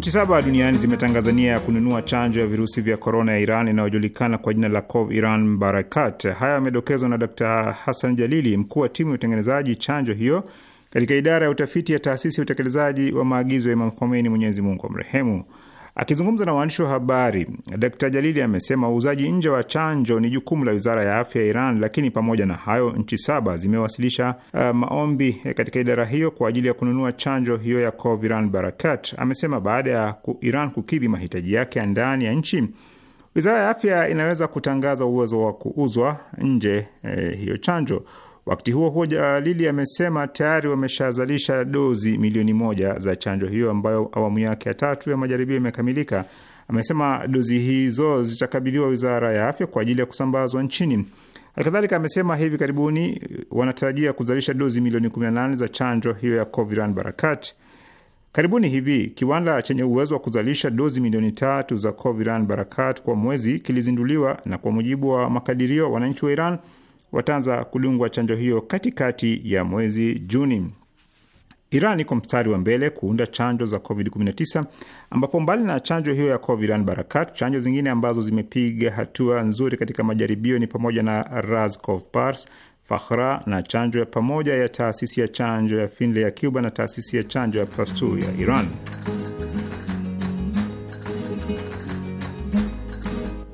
Nchi saba duniani zimetangaza nia ya kununua chanjo ya virusi vya korona ya Iran inayojulikana kwa jina la Cov Iran Barakat. Haya yamedokezwa na Dr Hassan Jalili, mkuu wa timu ya utengenezaji chanjo hiyo katika idara ya utafiti ya taasisi ya utekelezaji wa maagizo ya Imam Khomeini, Mwenyezi Mungu wa mrehemu. Akizungumza na waandishi wa habari, Dkt Jalili amesema uuzaji nje wa chanjo ni jukumu la wizara ya afya ya Iran, lakini pamoja na hayo, nchi saba zimewasilisha uh, maombi eh, katika idara hiyo kwa ajili ya kununua chanjo hiyo ya Coviran Barakat. Amesema baada ya Iran kukidhi mahitaji yake ya ndani ya nchi, wizara ya afya inaweza kutangaza uwezo wa kuuzwa nje eh, hiyo chanjo. Wakati huo huo, Jalili amesema tayari wameshazalisha dozi milioni moja za chanjo hiyo ambayo awamu yake ya tatu ya majaribio imekamilika. Amesema dozi hizo zitakabidhiwa wizara ya afya kwa ajili ya kusambazwa nchini. Halikadhalika amesema hivi karibuni eh, wanatarajia kuzalisha dozi milioni 18 za chanjo hiyo ya Coviran Barakat. Karibuni hivi kiwanda chenye uwezo wa kuzalisha dozi milioni tatu za Coviran Barakat kwa mwezi kilizinduliwa, na kwa mujibu wa makadirio, wananchi wa Iran wataanza kudungwa chanjo hiyo katikati ya mwezi Juni. Iran iko mstari wa mbele kuunda chanjo za COVID-19 ambapo mbali na chanjo hiyo ya Coviran Barakat, chanjo zingine ambazo zimepiga hatua nzuri katika majaribio ni pamoja na Raskov Pars, Fakhra na chanjo ya pamoja ya taasisi ya chanjo ya Finlay ya Cuba na taasisi ya chanjo ya Pasteur ya Iran.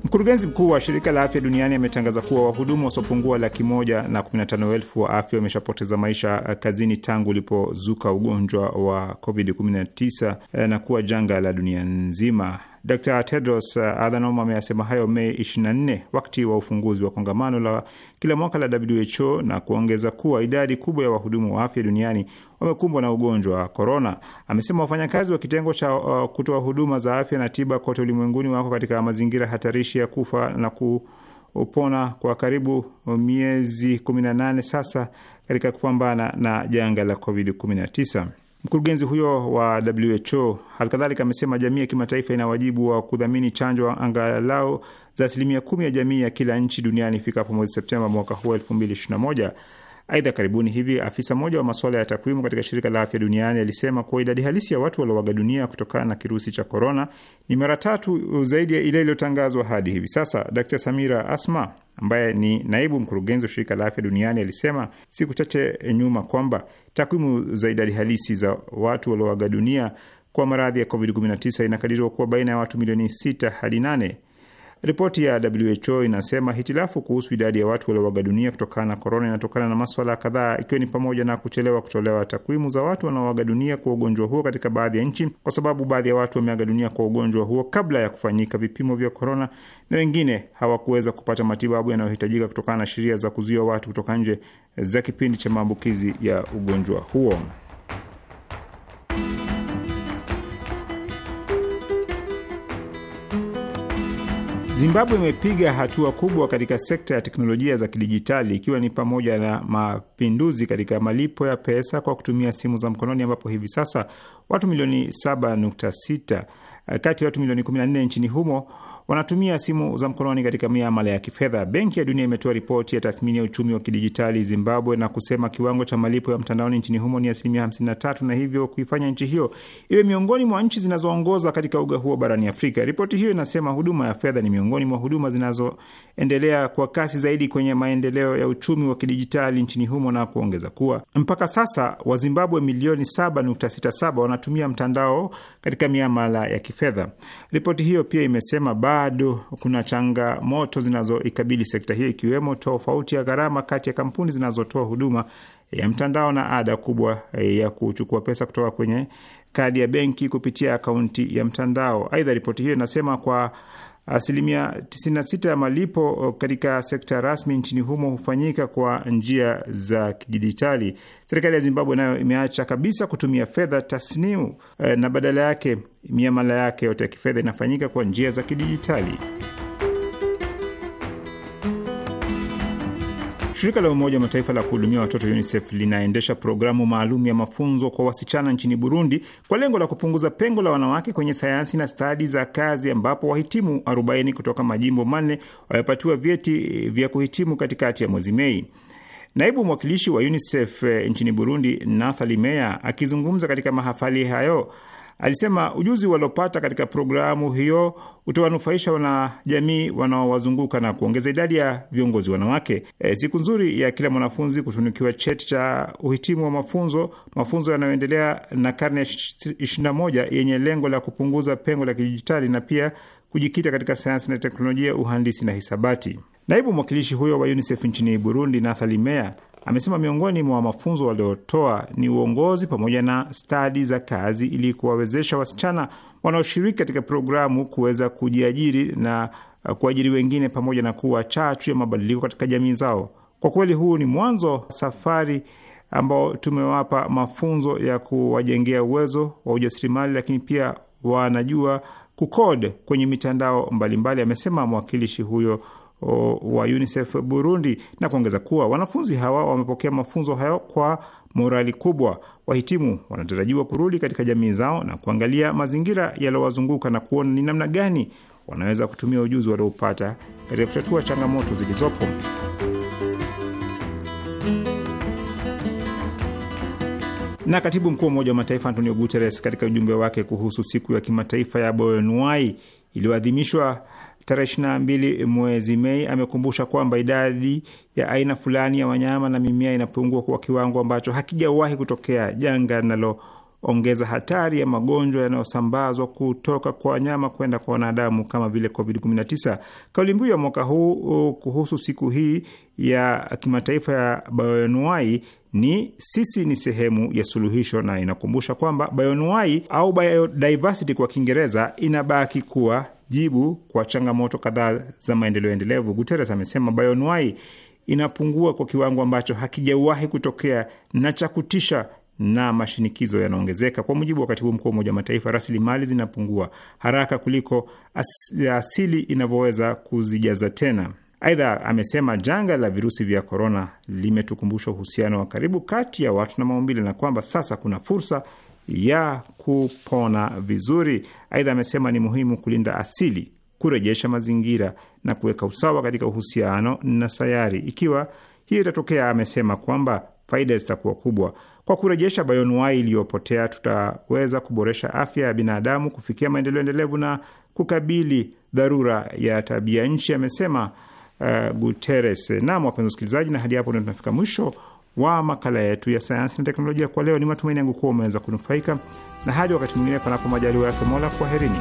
Mkurugenzi mkuu wa shirika la afya duniani ametangaza kuwa wahudumu wasiopungua laki moja na 15 elfu wa afya wameshapoteza maisha eh, kazini tangu ulipozuka ugonjwa wa COVID-19 eh, na kuwa janga la dunia nzima. Dr Tedros eh, Adhanom ameyasema hayo Mei 24 wakati wa ufunguzi wa kongamano la kila mwaka la WHO na kuongeza kuwa idadi kubwa ya wahudumu wa afya duniani wamekumbwa na ugonjwa wa korona. Amesema wafanyakazi wa kitengo cha uh, kutoa huduma za afya na tiba kote ulimwenguni wako katika mazingira hatarishi ya kufa na kupona kwa karibu miezi 18 sasa katika kupambana na janga la COVID-19. Mkurugenzi huyo wa WHO halikadhalika amesema jamii ya kimataifa ina wajibu wa kudhamini chanjo angalau za asilimia kumi ya jamii ya kila nchi duniani ifikapo mwezi Septemba mwaka huu 2021. Aidha, karibuni hivi afisa mmoja wa masuala ya takwimu katika shirika la afya duniani alisema kuwa idadi halisi ya watu walioaga dunia kutokana na kirusi cha korona ni mara tatu zaidi ya ile iliyotangazwa hadi hivi sasa. d Samira Asma ambaye ni naibu mkurugenzi wa shirika la afya duniani alisema siku chache nyuma kwamba takwimu za idadi halisi za watu walioaga dunia kwa maradhi ya COVID-19 inakadiriwa kuwa baina ya watu milioni 6 hadi 8. Ripoti ya WHO inasema hitilafu kuhusu idadi ya watu walioaga dunia kutokana na korona inatokana na maswala kadhaa, ikiwa ni pamoja na kuchelewa kutolewa takwimu za watu wanaoaga dunia kwa ugonjwa huo katika baadhi ya nchi, kwa sababu baadhi ya watu wameaga dunia kwa ugonjwa huo kabla ya kufanyika vipimo vya korona, na wengine hawakuweza kupata matibabu yanayohitajika kutokana na sheria za kuzuia watu kutoka nje za kipindi cha maambukizi ya ugonjwa huo. Zimbabwe imepiga hatua kubwa katika sekta ya teknolojia za kidijitali ikiwa ni pamoja na mapinduzi katika malipo ya pesa kwa kutumia simu za mkononi ambapo hivi sasa watu milioni 7.6 Eh, kati ya watu milioni 14 nchini humo wanatumia simu za mkononi katika miamala ya kifedha. Benki ya Dunia imetoa ripoti ya tathmini ya uchumi wa kidijitali Zimbabwe na kusema kiwango cha malipo ya mtandaoni nchini humo ni asilimia 53 na hivyo kuifanya nchi hiyo iwe miongoni mwa nchi zinazoongoza katika uga huo barani Afrika. Ripoti hiyo inasema huduma ya fedha ni miongoni mwa huduma zinazoendelea kwa kasi zaidi kwenye maendeleo ya uchumi wa kidijitali nchini humo na kuongeza kuwa mpaka sasa Wazimbabwe milioni 7.67 wanatumia mtandao katika miamala ya kifedha kifedha. Ripoti hiyo pia imesema bado kuna changamoto zinazoikabili sekta hiyo, ikiwemo tofauti ya gharama kati ya kampuni zinazotoa huduma ya mtandao na ada kubwa eh, ya kuchukua pesa kutoka kwenye kadi ya benki kupitia akaunti ya mtandao. Aidha, ripoti hiyo inasema kwa asilimia 96 ya malipo katika sekta rasmi nchini humo hufanyika kwa njia za kidijitali. Serikali ya Zimbabwe nayo imeacha kabisa kutumia fedha tasnimu e, na badala yake miamala yake yote ya kifedha inafanyika kwa njia za kidijitali. Shirika la Umoja wa Mataifa la kuhudumia watoto UNICEF linaendesha programu maalum ya mafunzo kwa wasichana nchini Burundi kwa lengo la kupunguza pengo la wanawake kwenye sayansi na stadi za kazi, ambapo wahitimu 40 kutoka majimbo manne wamepatiwa vyeti vya kuhitimu katikati ya mwezi Mei. Naibu mwakilishi wa UNICEF eh, nchini Burundi, Nathali Meya, akizungumza katika mahafali hayo Alisema ujuzi waliopata katika programu hiyo utawanufaisha wanajamii wanaowazunguka na kuongeza idadi ya viongozi wanawake. E, siku nzuri ya kila mwanafunzi kutunukiwa cheti cha uhitimu wa mafunzo, mafunzo yanayoendelea na karne ya 21 yenye lengo la kupunguza pengo la kidijitali na pia kujikita katika sayansi na teknolojia, uhandisi na hisabati. Naibu mwakilishi huyo wa UNICEF nchini Burundi, Nathali Meya, amesema miongoni mwa mafunzo waliotoa ni uongozi pamoja na stadi za kazi ili kuwawezesha wasichana wanaoshiriki katika programu kuweza kujiajiri na uh, kuajiri wengine pamoja na kuwa chachu ya mabadiliko katika jamii zao. Kwa kweli huu ni mwanzo safari ambao tumewapa mafunzo ya kuwajengea uwezo wa ujasiriamali, lakini pia wanajua kukod kwenye mitandao mbalimbali mbali, amesema mwakilishi huyo wa UNICEF Burundi na kuongeza kuwa wanafunzi hawa wamepokea mafunzo hayo kwa morali kubwa. Wahitimu wanatarajiwa kurudi katika jamii zao na kuangalia mazingira yaliyowazunguka na kuona ni namna gani wanaweza kutumia ujuzi waliopata katika kutatua changamoto zilizopo. Na katibu mkuu wa Umoja wa Mataifa Antonio Guterres katika ujumbe wake kuhusu siku ya kimataifa ya Bioanuwai iliyoadhimishwa tarehe 22 mwezi Mei amekumbusha kwamba idadi ya aina fulani ya wanyama na mimea inapungua kwa kiwango ambacho hakijawahi kutokea, janga linalo ongeza hatari ya magonjwa yanayosambazwa kutoka kwa wanyama kwenda kwa wanadamu kama vile COVID-19. Kauli mbiu ya mwaka huu kuhusu siku hii ya kimataifa ya bayonuai ni sisi ni sehemu ya suluhisho, na inakumbusha kwamba bayonuai au biodiversity kwa Kiingereza inabaki kuwa jibu kwa changamoto kadhaa za maendeleo endelevu. Guterres amesema bayonuai inapungua kwa kiwango ambacho hakijawahi kutokea na cha kutisha na mashinikizo yanaongezeka. Kwa mujibu wa katibu mkuu wa Umoja wa Mataifa, rasilimali zinapungua haraka kuliko asili inavyoweza kuzijaza tena. Aidha, amesema janga la virusi vya korona limetukumbusha uhusiano wa karibu kati ya watu na maumbile na kwamba sasa kuna fursa ya kupona vizuri. Aidha, amesema ni muhimu kulinda asili, kurejesha mazingira na kuweka usawa katika uhusiano na sayari. Ikiwa hiyo itatokea, amesema kwamba faida zitakuwa kubwa. Kwa kurejesha bioanuwai iliyopotea, tutaweza kuboresha afya ya binadamu, kufikia maendeleo endelevu na kukabili dharura ya tabia nchi, amesema uh, Guterres. Naam, wapenzi wasikilizaji, na hadi hapo ndio tunafika mwisho wa makala yetu ya sayansi na teknolojia kwa leo. Ni matumaini yangu kuwa umeweza kunufaika, na hadi wakati mwingine, panapo majaliwa yake Mola, kwaherini.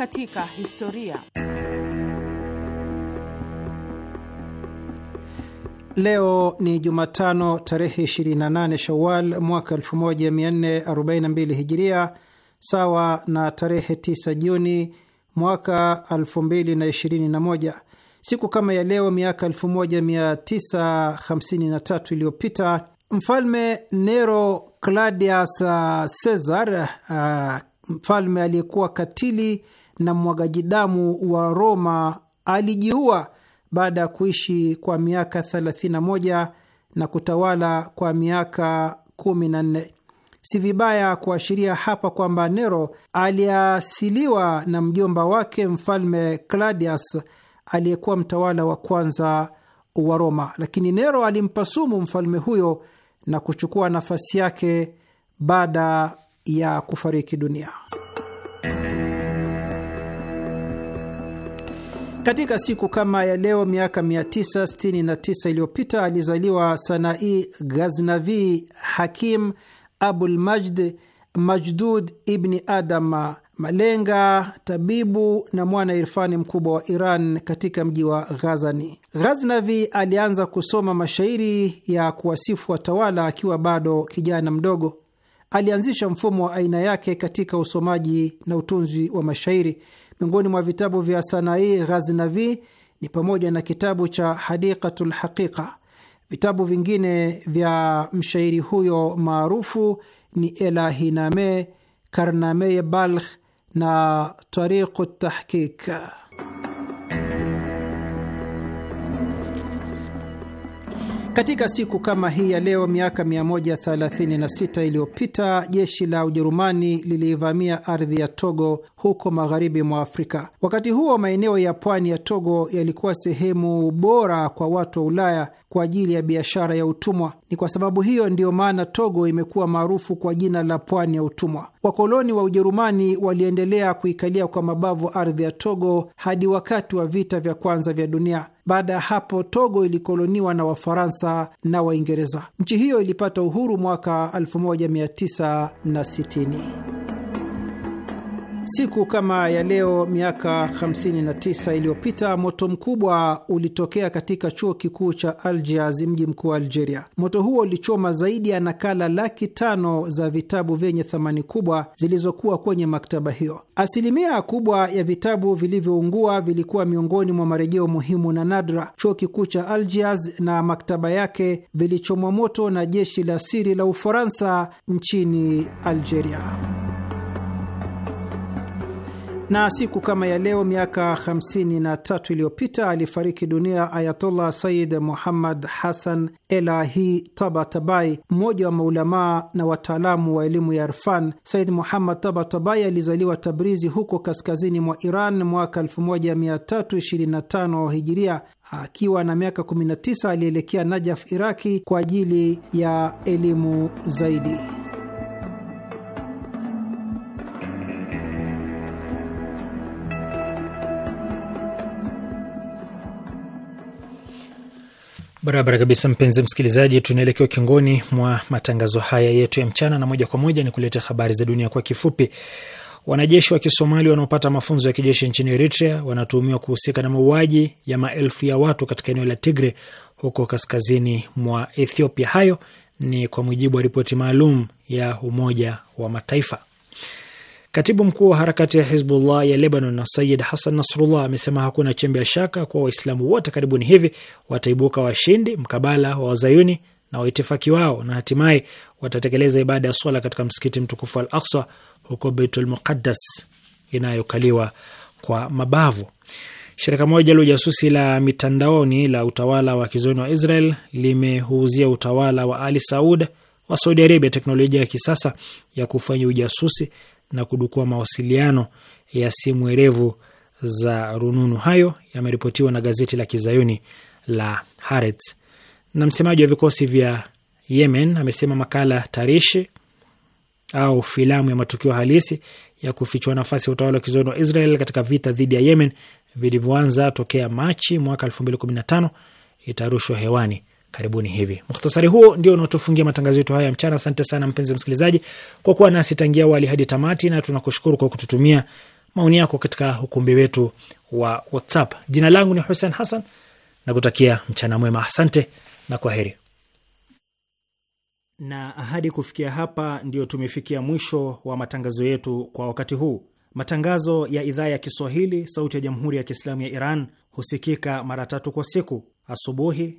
katika historia. Leo ni Jumatano tarehe 28 Shawal mwaka 1442 Hijiria, sawa na tarehe 9 Juni mwaka 2021. Siku kama ya leo miaka 1953 iliyopita mfalme Nero Claudius Caesar, uh, mfalme aliyekuwa katili na mwagaji damu wa Roma alijiua baada ya kuishi kwa miaka 31 na kutawala kwa miaka 14. Si vibaya kuashiria hapa kwamba Nero aliasiliwa na mjomba wake mfalme Claudius aliyekuwa mtawala wa kwanza wa Roma, lakini Nero alimpa sumu mfalme huyo na kuchukua nafasi yake baada ya kufariki dunia. Katika siku kama ya leo miaka 969 iliyopita alizaliwa Sanai Ghaznavi Hakim Abulmajd Majdud Ibni Adam, malenga, tabibu na mwana irfani mkubwa wa Iran katika mji wa Ghazani. Ghaznavi alianza kusoma mashairi ya kuwasifu watawala akiwa bado kijana mdogo. Alianzisha mfumo wa aina yake katika usomaji na utunzi wa mashairi Miongoni mwa vitabu vya Sanai Ghaznavi ni pamoja na kitabu cha Hadiqatu Lhaqiqa. Vitabu vingine vya mshairi huyo maarufu ni Elahiname, Karnameye Balkh na Tariqu Tahqiq. Katika siku kama hii ya leo miaka 136 iliyopita jeshi la Ujerumani liliivamia ardhi ya Togo huko magharibi mwa Afrika. Wakati huo maeneo ya pwani ya Togo yalikuwa sehemu bora kwa watu wa Ulaya kwa ajili ya biashara ya utumwa. Ni kwa sababu hiyo ndiyo maana Togo imekuwa maarufu kwa jina la pwani ya utumwa. Wakoloni wa Ujerumani waliendelea kuikalia kwa mabavu ardhi ya Togo hadi wakati wa vita vya kwanza vya dunia. Baada ya hapo, Togo ilikoloniwa na Wafaransa na Waingereza. Nchi hiyo ilipata uhuru mwaka 1960. Siku kama ya leo miaka 59 iliyopita moto mkubwa ulitokea katika chuo kikuu cha Algiers, mji mkuu wa Algeria. Moto huo ulichoma zaidi ya nakala laki tano za vitabu vyenye thamani kubwa zilizokuwa kwenye maktaba hiyo. Asilimia kubwa ya vitabu vilivyoungua vilikuwa miongoni mwa marejeo muhimu na nadra. Chuo kikuu cha Algiers na maktaba yake vilichomwa moto na jeshi la siri la Ufaransa nchini Algeria. Na siku kama ya leo miaka 53 iliyopita alifariki dunia Ayatollah Said Muhammad Hassan Elahi Tabatabai, mmoja wa maulamaa na wataalamu wa elimu ya Irfan. Said Muhammad Tabatabai alizaliwa Tabrizi huko kaskazini mwa Iran mwaka 1325 Hijiria. Akiwa na miaka 19 alielekea Najaf, Iraki, kwa ajili ya elimu zaidi. Barabara kabisa, mpenzi msikilizaji, tunaelekea ukingoni mwa matangazo haya yetu ya mchana, na moja kwa moja ni kuleta habari za dunia kwa kifupi. Wanajeshi wa Kisomali wanaopata mafunzo ya kijeshi nchini Eritrea wanatuhumiwa kuhusika na mauaji ya maelfu ya watu katika eneo la Tigre huko kaskazini mwa Ethiopia. Hayo ni kwa mujibu wa ripoti maalum ya Umoja wa Mataifa. Katibu mkuu wa harakati ya Hizbullah ya Lebanon na Sayid Hasan Nasrullah amesema hakuna chembe ya shaka kuwa Waislamu wote karibuni hivi wataibuka washindi mkabala wa wazayuni na waitifaki wao na hatimaye watatekeleza ibada ya swala katika msikiti mtukufu Al Aksa huko Beitul Muqaddas inayokaliwa kwa mabavu. Shirika moja la ujasusi la mitandaoni la utawala wa kizoni wa Israel limehuuzia utawala wa Ali Saud wa Saudi Arabia teknolojia ya kisasa ya kufanya ujasusi na kudukua mawasiliano ya simu erevu za rununu. Hayo yameripotiwa na gazeti la kizayuni la Haaretz. Na msemaji wa vikosi vya Yemen amesema makala tarishi au filamu ya matukio halisi ya kufichua nafasi ya utawala wa kizayuni wa Israel katika vita dhidi ya Yemen vilivyoanza tokea Machi mwaka 2015 itarushwa hewani karibuni hivi. Mukhtasari huo ndio unaotufungia matangazo yetu haya mchana. Asante sana mpenzi msikilizaji kwa kuwa nasi tangia wali hadi tamati, na tunakushukuru kwa kututumia maoni yako katika ukumbi wetu wa WhatsApp. Jina langu ni Hussein Hassan na kutakia mchana mwema. Asante na kwa heri. Na ahadi kufikia hapa, ndio tumefikia mwisho wa matangazo yetu kwa wakati huu. Matangazo ya idhaa ya Kiswahili sauti ya jamhuri ya Kiislamu ya Iran husikika mara tatu kwa siku: asubuhi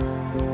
Thank you.